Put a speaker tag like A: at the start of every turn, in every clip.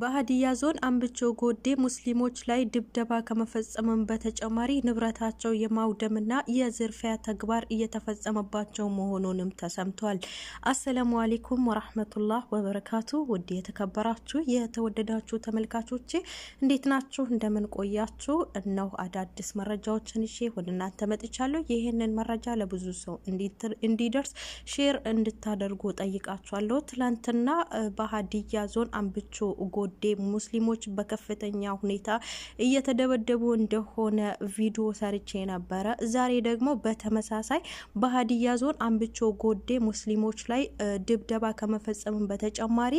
A: በሀዲያ ዞን አንብቾ ጎዴ ሙስሊሞች ላይ ድብደባ ከመፈጸምም በተጨማሪ ንብረታቸው የማውደምና የዝርፊያ ተግባር እየተፈጸመባቸው መሆኑንም ተሰምቷል። አሰላሙ አሌይኩም ወራህመቱላህ ወበረካቱ። ውድ የተከበራችሁ የተወደዳችሁ ተመልካቾቼ እንዴት ናችሁ? እንደምን ቆያችሁ? እነሁ አዳዲስ መረጃዎችን ይዤ ወደ እናንተ መጥቻለሁ። ይህንን መረጃ ለብዙ ሰው እንዲደርስ ሼር እንድታደርጉ ጠይቃችኋለሁ። ትላንትና በሀዲያ ዞን አንብቾ ጎ ጉዳይ ሙስሊሞች በከፍተኛ ሁኔታ እየተደበደቡ እንደሆነ ቪዲዮ ሰርቼ ነበረ። ዛሬ ደግሞ በተመሳሳይ በሀዲያ ዞን አንብቾ ጎዴ ሙስሊሞች ላይ ድብደባ ከመፈጸሙ በተጨማሪ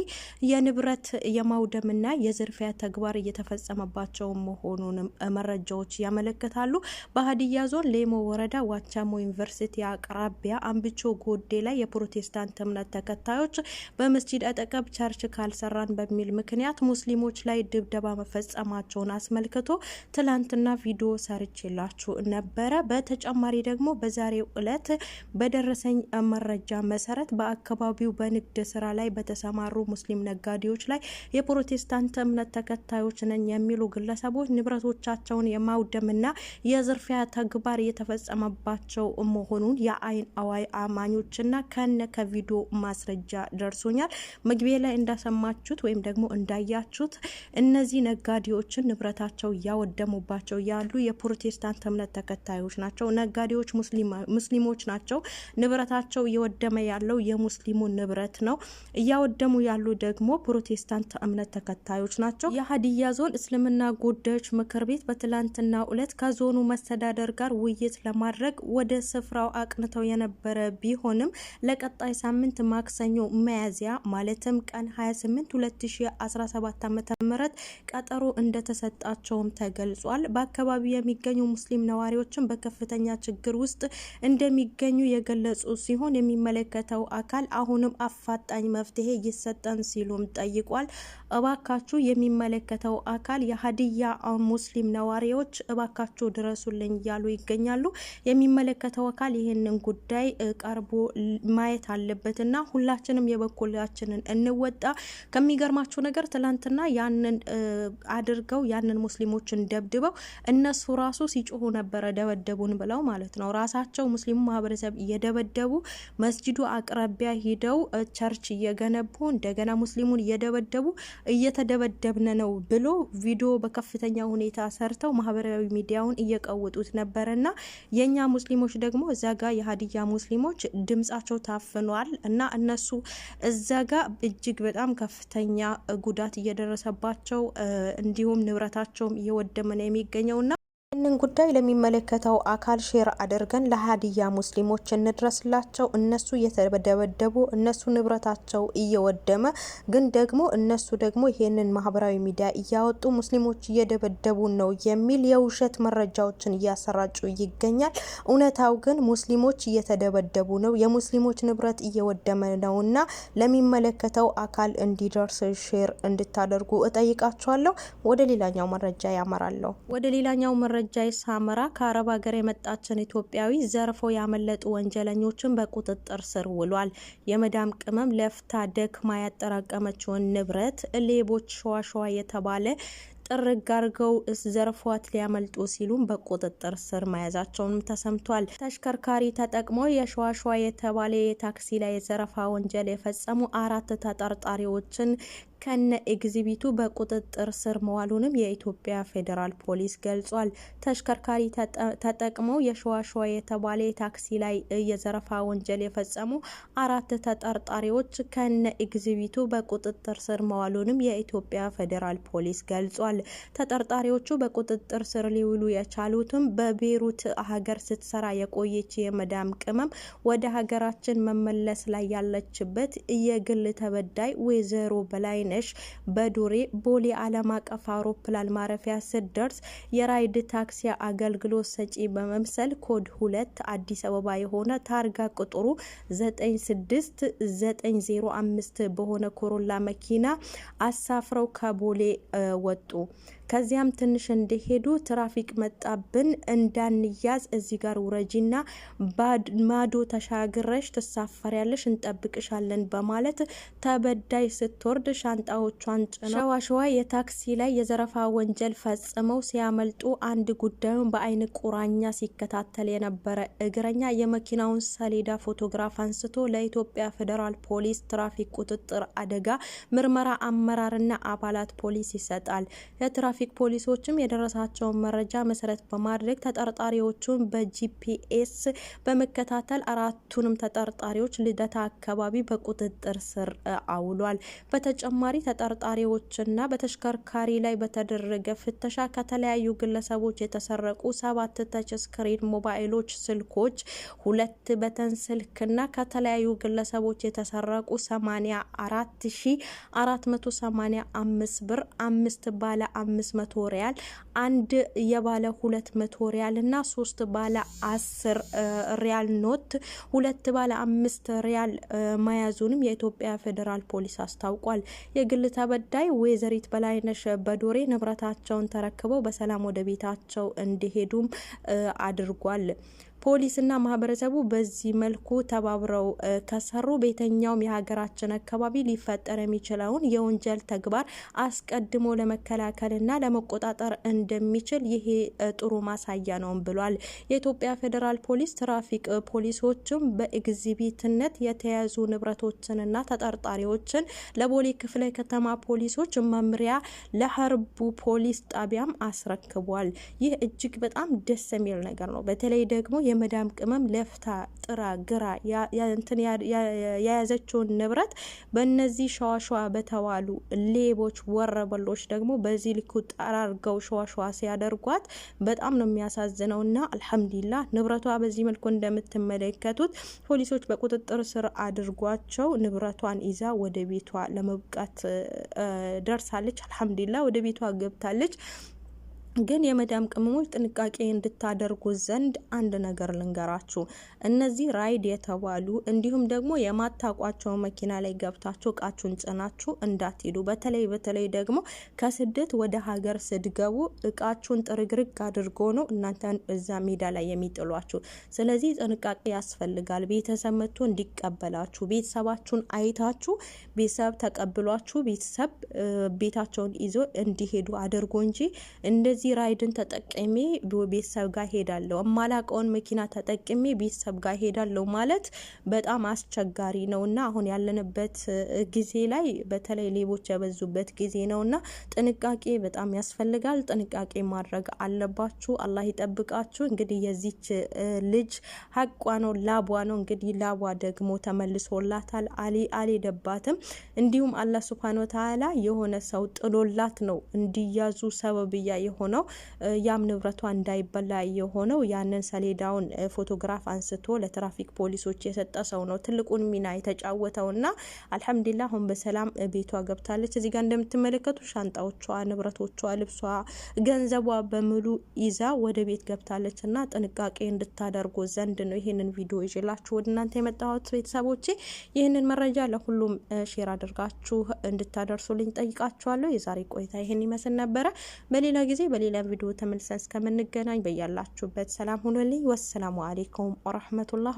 A: የንብረት የማውደምና የዝርፊያ ተግባር እየተፈጸመባቸው መሆኑንም መረጃዎች ያመለክታሉ። በሀዲያ ዞን ሌሞ ወረዳ ዋቻሞ ዩኒቨርሲቲ አቅራቢያ አንብቾ ጎዴ ላይ የፕሮቴስታንት እምነት ተከታዮች በመስጂድ አጠገብ ቸርች ካልሰራን በሚል ምክንያት ሙስሊሞች ላይ ድብደባ መፈጸማቸውን አስመልክቶ ትላንትና ቪዲዮ ሰርቼላችሁ ነበረ። በተጨማሪ ደግሞ በዛሬው እለት በደረሰኝ መረጃ መሰረት በአካባቢው በንግድ ስራ ላይ በተሰማሩ ሙስሊም ነጋዴዎች ላይ የፕሮቴስታንት እምነት ተከታዮች ነን የሚሉ ግለሰቦች ንብረቶቻቸውን የማውደምና የዝርፊያ ተግባር የተፈጸመባቸው መሆኑን የአይን አዋይ አማኞችና ከነ ከቪዲዮ ማስረጃ ደርሶኛል። መግቢያ ላይ እንዳሰማችሁት ወይም ደግሞ እንዳየ እንዳያችሁት እነዚህ ነጋዴዎችን ንብረታቸው እያወደሙባቸው ያሉ የፕሮቴስታንት እምነት ተከታዮች ናቸው። ነጋዴዎች ሙስሊሞች ናቸው። ንብረታቸው እየወደመ ያለው የሙስሊሙ ንብረት ነው። እያወደሙ ያሉ ደግሞ ፕሮቴስታንት እምነት ተከታዮች ናቸው። የሀዲያ ዞን እስልምና ጉዳዮች ምክር ቤት በትላንትናው ሁለት ከዞኑ መስተዳደር ጋር ውይይት ለማድረግ ወደ ስፍራው አቅንተው የነበረ ቢሆንም ለቀጣይ ሳምንት ማክሰኞ መያዝያ ማለትም ቀን 28 2017 2017 ዓ.ም ቀጠሮ እንደተሰጣቸውም ተገልጿል። በአካባቢው የሚገኙ ሙስሊም ነዋሪዎችን በከፍተኛ ችግር ውስጥ እንደሚገኙ የገለጹ ሲሆን የሚመለከተው አካል አሁንም አፋጣኝ መፍትሄ ይሰጠን ሲሉም ጠይቋል። እባካችሁ የሚመለከተው አካል የሀዲያ ሙስሊም ነዋሪዎች እባካችሁ ድረሱልኝ እያሉ ይገኛሉ። የሚመለከተው አካል ይህንን ጉዳይ ቀርቦ ማየት አለበትና ሁላችንም የበኩላችንን እንወጣ። ከሚገርማችሁ ነገር ትላንትና ያንን አድርገው ያንን ሙስሊሞችን ደብድበው እነሱ ራሱ ሲጮሁ ነበረ ደበደቡን ብለው ማለት ነው። ራሳቸው ሙስሊሙ ማህበረሰብ እየደበደቡ መስጂዱ አቅራቢያ ሂደው ቸርች እየገነቡ እንደገና ሙስሊሙን እየደበደቡ እየተደበደብነ ነው ብሎ ቪዲዮ በከፍተኛ ሁኔታ ሰርተው ማህበራዊ ሚዲያውን እየቀወጡት ነበረና የእኛ ሙስሊሞች ደግሞ እዛ ጋ የሀዲያ ሙስሊሞች ድምጻቸው ታፍኗል እና እነሱ እዛ ጋ እጅግ በጣም ከፍተኛ ጉዳት ጥቃት እየደረሰባቸው እንዲሁም ንብረታቸውም እየወደመ ነው የሚገኘውና ይህንን ጉዳይ ለሚመለከተው አካል ሼር አድርገን ለሀዲያ ሙስሊሞች እንድረስላቸው። እነሱ እየተደበደቡ እነሱ ንብረታቸው እየወደመ ግን ደግሞ እነሱ ደግሞ ይህንን ማህበራዊ ሚዲያ እያወጡ ሙስሊሞች እየደበደቡ ነው የሚል የውሸት መረጃዎችን እያሰራጩ ይገኛል። እውነታው ግን ሙስሊሞች እየተደበደቡ ነው፣ የሙስሊሞች ንብረት እየወደመ ነው እና ለሚመለከተው አካል እንዲደርስ ሼር እንድታደርጉ እጠይቃቸዋለሁ። ወደ ሌላኛው መረጃ ያመራለሁ። ወደ ሌላኛው መረጃ ጃይ ሳመራ ከአረብ ሀገር የመጣችን ኢትዮጵያዊ ዘርፎ ያመለጡ ወንጀለኞችን በቁጥጥር ስር ውሏል። የመዳም ቅመም ለፍታ ደክማ ያጠራቀመችውን ንብረት ሌቦች ሸዋሸዋ የተባለ ጥርግ አድርገው ዘርፏት ሊያመልጡ ሲሉም በቁጥጥር ስር መያዛቸውንም ተሰምቷል። ተሽከርካሪ ተጠቅመው የሸዋሸዋ የተባለ የታክሲ ላይ የዘረፋ ወንጀል የፈጸሙ አራት ተጠርጣሪዎችን ከነ ኤግዚቢቱ በቁጥጥር ስር መዋሉንም የኢትዮጵያ ፌዴራል ፖሊስ ገልጿል። ተሽከርካሪ ተጠቅመው የሸዋሸዋ የተባለ የታክሲ ላይ የዘረፋ ወንጀል የፈጸሙ አራት ተጠርጣሪዎች ከነ ኤግዚቢቱ በቁጥጥር ስር መዋሉንም የኢትዮጵያ ፌዴራል ፖሊስ ገልጿል። ተጠርጣሪዎቹ በቁጥጥር ስር ሊውሉ የቻሉትም በቤሩት ሀገር ስትሰራ የቆየች የመዳም ቅመም ወደ ሀገራችን መመለስ ላይ ያለችበት የግል ተበዳይ ወይዘሮ በላይ ስንሽ በዱሬ ቦሌ ዓለም አቀፍ አውሮፕላን ማረፊያ ስደርስ የራይድ ታክሲ አገልግሎት ሰጪ በመምሰል ኮድ ሁለት አዲስ አበባ የሆነ ታርጋ ቁጥሩ 96905 በሆነ ኮሮላ መኪና አሳፍረው ከቦሌ ወጡ። ከዚያም ትንሽ እንደሄዱ ትራፊክ መጣብን እንዳንያዝ እዚህ ጋር ውረጂና ማዶ ተሻግረሽ ትሳፈሪያለሽ እንጠብቅሻለን በማለት ተበዳይ ስትወርድ ሻንጣዎቿን ጭነው ሸዋሸዋ የታክሲ ላይ የዘረፋ ወንጀል ፈጽመው ሲያመልጡ አንድ ጉዳዩን በአይን ቁራኛ ሲከታተል የነበረ እግረኛ የመኪናውን ሰሌዳ ፎቶግራፍ አንስቶ ለኢትዮጵያ ፌዴራል ፖሊስ ትራፊክ ቁጥጥር አደጋ ምርመራ አመራርና አባላት ፖሊስ ይሰጣል። የትራፊክ የትራፊክ ፖሊሶችም የደረሳቸውን መረጃ መሰረት በማድረግ ተጠርጣሪዎቹን በጂፒኤስ በመከታተል አራቱንም ተጠርጣሪዎች ልደታ አካባቢ በቁጥጥር ስር አውሏል። በተጨማሪ ተጠርጣሪዎችና በተሽከርካሪ ላይ በተደረገ ፍተሻ ከተለያዩ ግለሰቦች የተሰረቁ ሰባት ተች ስክሪን ሞባይሎች፣ ስልኮች፣ ሁለት በተን ስልክና ከተለያዩ ግለሰቦች የተሰረቁ 84,485 ብር፣ አምስት ባለ አምስት መቶ ሪያል፣ አንድ የባለ መቶ ሪያል እና ሶስት ባለ አስር ሪያል ኖት፣ ሁለት ባለ አምስት ሪያል መያዙንም የኢትዮጵያ ፌዴራል ፖሊስ አስታውቋል። የግል ተበዳይ ወይዘሪት በላይነሽ በዶሬ ንብረታቸውን ተረክበው በሰላም ወደ ቤታቸው እንዲሄዱም አድርጓል። ፖሊስና ማህበረሰቡ በዚህ መልኩ ተባብረው ከሰሩ በየትኛውም የሀገራችን አካባቢ ሊፈጠር የሚችለውን የወንጀል ተግባር አስቀድሞ ለመከላከልና ለመቆጣጠር እንደሚችል ይሄ ጥሩ ማሳያ ነው ብሏል። የኢትዮጵያ ፌዴራል ፖሊስ ትራፊክ ፖሊሶችም በኤግዚቢትነት የተያዙ ንብረቶችንና ተጠርጣሪዎችን ለቦሌ ክፍለ ከተማ ፖሊሶች መምሪያ ለሀርቡ ፖሊስ ጣቢያም አስረክቧል። ይህ እጅግ በጣም ደስ የሚል ነገር ነው። በተለይ ደግሞ የመዳም ቅመም ለፍታ ጥራ ግራ እንትን የያዘችውን ንብረት በእነዚህ ሸዋሸዋ በተባሉ ሌቦች ወረበሎች ደግሞ በዚህ ልኩ ጠራርገው ሸዋሸዋ ሲያደርጓት በጣም ነው የሚያሳዝነው። እና አልሐምዲላ ንብረቷ በዚህ መልኩ እንደምትመለከቱት ፖሊሶች በቁጥጥር ስር አድርጓቸው ንብረቷን ይዛ ወደ ቤቷ ለመብቃት ደርሳለች። አልሐምዲላ ወደ ቤቷ ገብታለች። ግን የመዳም ቅመሞች ጥንቃቄ እንድታደርጉ ዘንድ አንድ ነገር ልንገራችሁ። እነዚህ ራይድ የተባሉ እንዲሁም ደግሞ የማታቋቸው መኪና ላይ ገብታችሁ እቃችሁን ጭናችሁ እንዳትሄዱ። በተለይ በተለይ ደግሞ ከስደት ወደ ሀገር ስትገቡ እቃችሁን ጥርግርግ አድርጎ ነው እናንተን እዛ ሜዳ ላይ የሚጥሏችሁ። ስለዚህ ጥንቃቄ ያስፈልጋል። ቤተሰብ መጥቶ እንዲቀበላችሁ ቤተሰባችሁን አይታችሁ ቤተሰብ ተቀብሏችሁ ቤተሰብ ቤታቸውን ይዞ እንዲሄዱ አድርጎ እንጂ እንደዚህ ራይድን ተጠቅሜ ቤተሰብ ጋር ሄዳለሁ፣ የማላቀውን መኪና ተጠቅሜ ቤተሰብ ጋር ሄዳለሁ ማለት በጣም አስቸጋሪ ነው እና አሁን ያለንበት ጊዜ ላይ በተለይ ሌቦች የበዙበት ጊዜ ነው እና ጥንቃቄ በጣም ያስፈልጋል። ጥንቃቄ ማድረግ አለባችሁ። አላህ ይጠብቃችሁ። እንግዲህ የዚች ልጅ ሀቋ ነው ላቧ ነው። እንግዲህ ላቧ ደግሞ ተመልሶላታል። አሊ አልሄደባትም። እንዲሁም አላህ ሱብሃነ ወተዓላ የሆነ ሰው ጥሎላት ነው እንዲያዙ ሰበብያ የሆነ የሆነው ያም ንብረቷ እንዳይበላ የሆነው ያንን ሰሌዳውን ፎቶግራፍ አንስቶ ለትራፊክ ፖሊሶች የሰጠ ሰው ነው ትልቁን ሚና የተጫወተው ና አልሐምዱሊላህ አሁን በሰላም ቤቷ ገብታለች። እዚህ ጋር እንደምትመለከቱ ሻንጣዎቿ፣ ንብረቶቿ፣ ልብሷ፣ ገንዘቧ በሙሉ ይዛ ወደ ቤት ገብታለች እና ጥንቃቄ እንድታደርጉ ዘንድ ነው ይህንን ቪዲዮ ይዤላችሁ ወደ እናንተ የመጣሁት ቤተሰቦቼ። ይህንን መረጃ ለሁሉም ሼር አድርጋችሁ እንድታደርሱልኝ ጠይቃችኋለሁ። የዛሬ ቆይታ ይህን ይመስል ነበረ። በሌላ ጊዜ በሌላ ቪዲዮ ተመልሰን እስከምንገናኝ በያላችሁበት ሰላም ሁኑልኝ። ወሰላሙ አሌይኩም ወረህመቱላህ